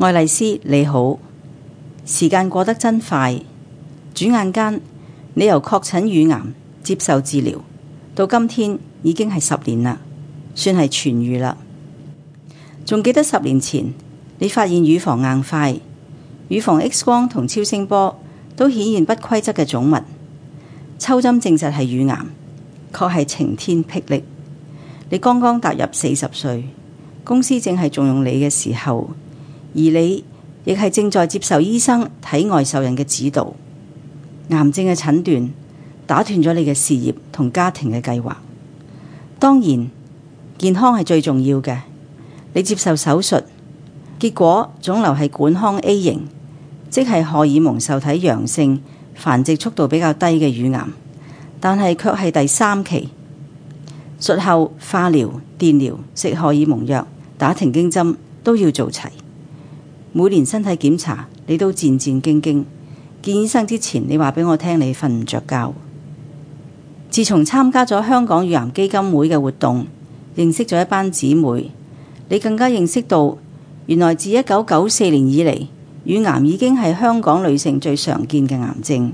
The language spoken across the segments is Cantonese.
愛麗絲，你好。時間過得真快，轉眼間你由確診乳癌接受治療，到今天已經係十年啦，算係痊愈啦。仲記得十年前你發現乳房硬塊，乳房 X 光同超聲波都顯現不規則嘅腫物，抽針證實係乳癌，確係晴天霹靂。你剛剛踏入四十歲，公司正係重用你嘅時候。而你亦係正在接受醫生體外受孕嘅指導，癌症嘅診斷打斷咗你嘅事業同家庭嘅計劃。當然，健康係最重要嘅。你接受手術，結果腫瘤係管腔 A 型，即係荷爾蒙受體陽性，繁殖速度比較低嘅乳癌，但係卻係第三期。術後化療、電療、食荷爾蒙藥、打停經針都要做齊。每年身體檢查，你都戰戰兢兢。見醫生之前，你話俾我聽，你瞓唔着覺。自從參加咗香港乳癌基金會嘅活動，認識咗一班姊妹，你更加認識到，原來自一九九四年以嚟，乳癌已經係香港女性最常見嘅癌症。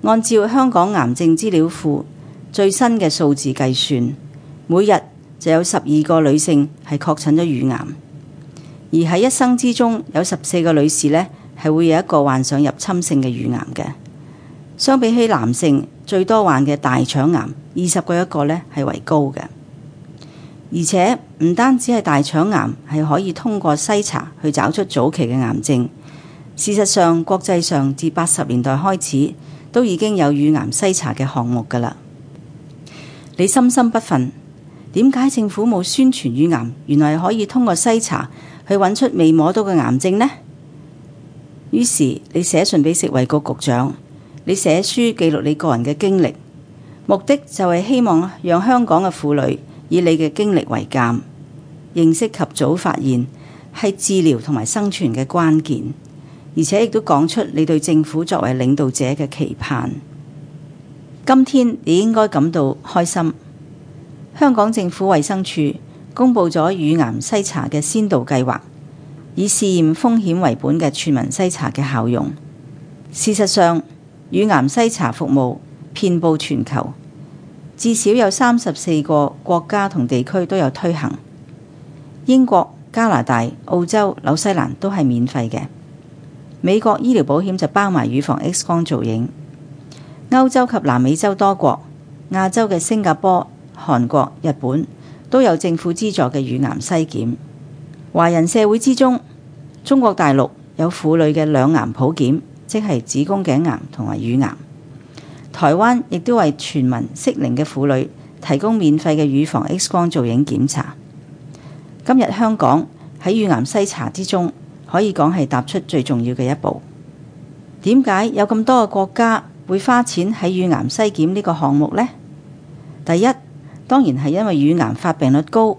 按照香港癌症資料庫最新嘅數字計算，每日就有十二個女性係確診咗乳癌。而喺一生之中，有十四個女士呢，係會有一個患上入侵性嘅乳癌嘅。相比起男性，最多患嘅大腸癌二十個一個呢，係為高嘅。而且唔單止係大腸癌係可以通過篩查去找出早期嘅癌症。事實上，國際上自八十年代開始都已經有乳癌篩查嘅項目噶啦。你深深不忿，點解政府冇宣傳乳癌？原來可以通過篩查去揾出未摸到嘅癌症呢？於是，你寫信俾食衛局局長，你寫書記錄你個人嘅經歷，目的就係希望讓香港嘅婦女以你嘅經歷為鑑，認識及早發現係治療同埋生存嘅關鍵，而且亦都講出你對政府作為領導者嘅期盼。今天你應該感到開心，香港政府衛生署。公佈咗乳癌篩查嘅先導計劃，以試驗風險為本嘅全民篩查嘅效用。事實上，乳癌篩查服務遍布全球，至少有三十四個國家同地區都有推行。英國、加拿大、澳洲、紐西蘭都係免費嘅。美國醫療保險就包埋乳房 X 光造影。歐洲及南美洲多國，亞洲嘅新加坡、韓國、日本。都有政府資助嘅乳癌篩檢。華人社會之中，中國大陸有婦女嘅兩癌普檢，即係子宮頸癌同埋乳癌。台灣亦都為全民適齡嘅婦女提供免費嘅乳房 X 光造影檢查。今日香港喺乳癌篩查之中，可以講係踏出最重要嘅一步。點解有咁多個國家會花錢喺乳癌篩檢呢個項目呢？第一。當然係因為乳癌發病率高，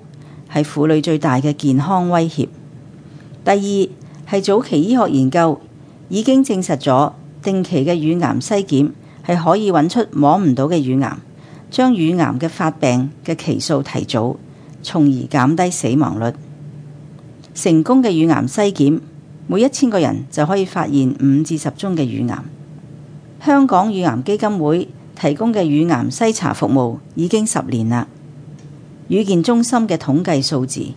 係婦女最大嘅健康威脅。第二，係早期醫學研究已經證實咗，定期嘅乳癌篩檢係可以揾出摸唔到嘅乳癌，將乳癌嘅發病嘅期數提早，從而減低死亡率。成功嘅乳癌篩檢，每一千個人就可以發現五至十宗嘅乳癌。香港乳癌基金會。提供嘅乳癌篩查服務已經十年啦。乳健中心嘅統計數字，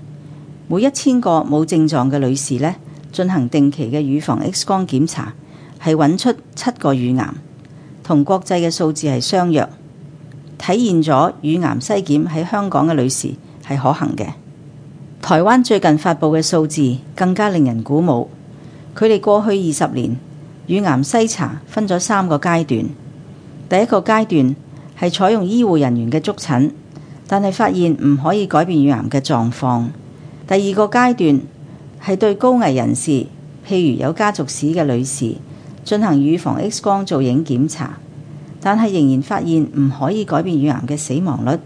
每一千個冇症狀嘅女士咧，進行定期嘅乳房 X 光檢查，係揾出七個乳癌，同國際嘅數字係相若，體現咗乳癌篩檢喺香港嘅女士係可行嘅。台灣最近發佈嘅數字更加令人鼓舞。佢哋過去二十年乳癌篩查分咗三個階段。第一個階段係採用醫護人員嘅觸診，但係發現唔可以改變乳癌嘅狀況。第二個階段係對高危人士，譬如有家族史嘅女士進行乳房 X 光造影檢查，但係仍然發現唔可以改變乳癌嘅死亡率。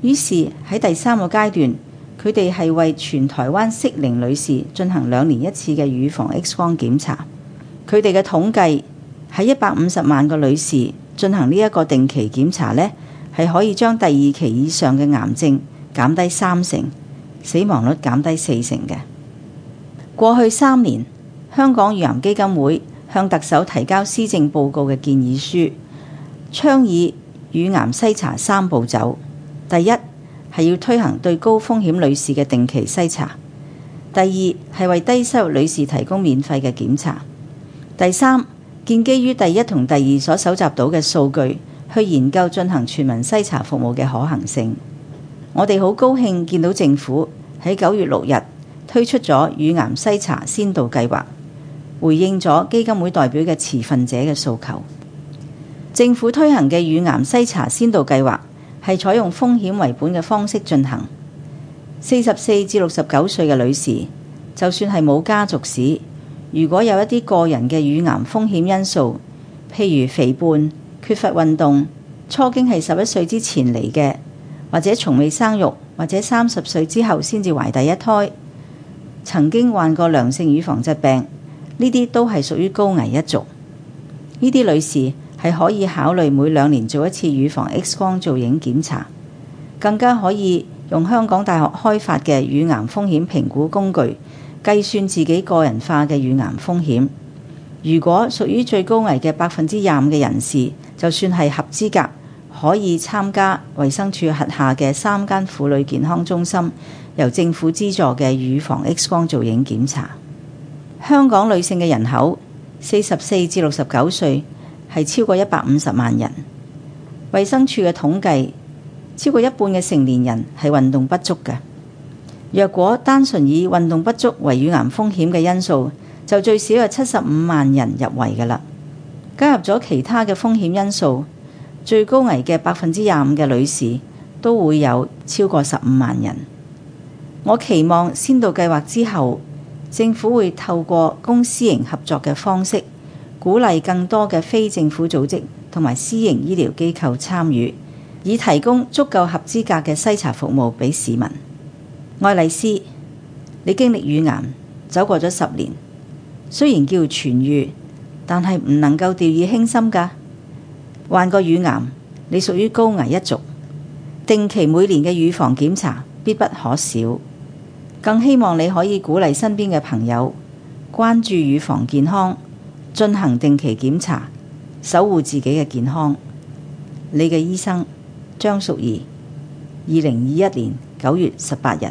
於是喺第三個階段，佢哋係為全台灣適齡女士進行兩年一次嘅乳房 X 光檢查。佢哋嘅統計係一百五十萬個女士。進行呢一個定期檢查呢，係可以將第二期以上嘅癌症減低三成，死亡率減低四成嘅。過去三年，香港乳癌基金會向特首提交施政報告嘅建議書，倡議乳癌篩查三步走：第一，係要推行對高風險女士嘅定期篩查；第二，係為低收入女士提供免費嘅檢查；第三，建基於第一同第二所搜集到嘅數據，去研究進行全民篩查服務嘅可行性。我哋好高興見到政府喺九月六日推出咗乳癌篩查先導計劃，回應咗基金會代表嘅持份者嘅訴求。政府推行嘅乳癌篩查先導計劃係採用風險為本嘅方式進行。四十四至六十九歲嘅女士，就算係冇家族史。如果有一啲個人嘅乳癌風險因素，譬如肥胖、缺乏運動、初經係十一歲之前嚟嘅，或者從未生育，或者三十歲之後先至懷第一胎，曾經患過良性乳房疾病，呢啲都係屬於高危一族。呢啲女士係可以考慮每兩年做一次乳房 X 光造影檢查，更加可以用香港大學開發嘅乳癌風險評估工具。計算自己個人化嘅乳癌風險，如果屬於最高危嘅百分之廿五嘅人士，就算係合資格，可以參加衛生署轄下嘅三間婦女健康中心，由政府資助嘅乳房 X 光造影檢查。香港女性嘅人口四十四至六十九歲係超過一百五十萬人。衛生署嘅統計，超過一半嘅成年人係運動不足嘅。若果單純以運動不足為乳癌風險嘅因素，就最少有七十五萬人入圍嘅啦。加入咗其他嘅風險因素，最高危嘅百分之廿五嘅女士，都會有超過十五萬人。我期望先導計劃之後，政府會透過公私營合作嘅方式，鼓勵更多嘅非政府組織同埋私營醫療機構參與，以提供足夠合資格嘅篩查服務俾市民。愛麗絲，你經歷乳癌走過咗十年，雖然叫痊癒，但係唔能夠掉以輕心㗎。患過乳癌，你屬於高危一族，定期每年嘅乳房檢查必不可少。更希望你可以鼓勵身邊嘅朋友關注乳房健康，進行定期檢查，守護自己嘅健康。你嘅醫生，張淑儀，二零二一年九月十八日。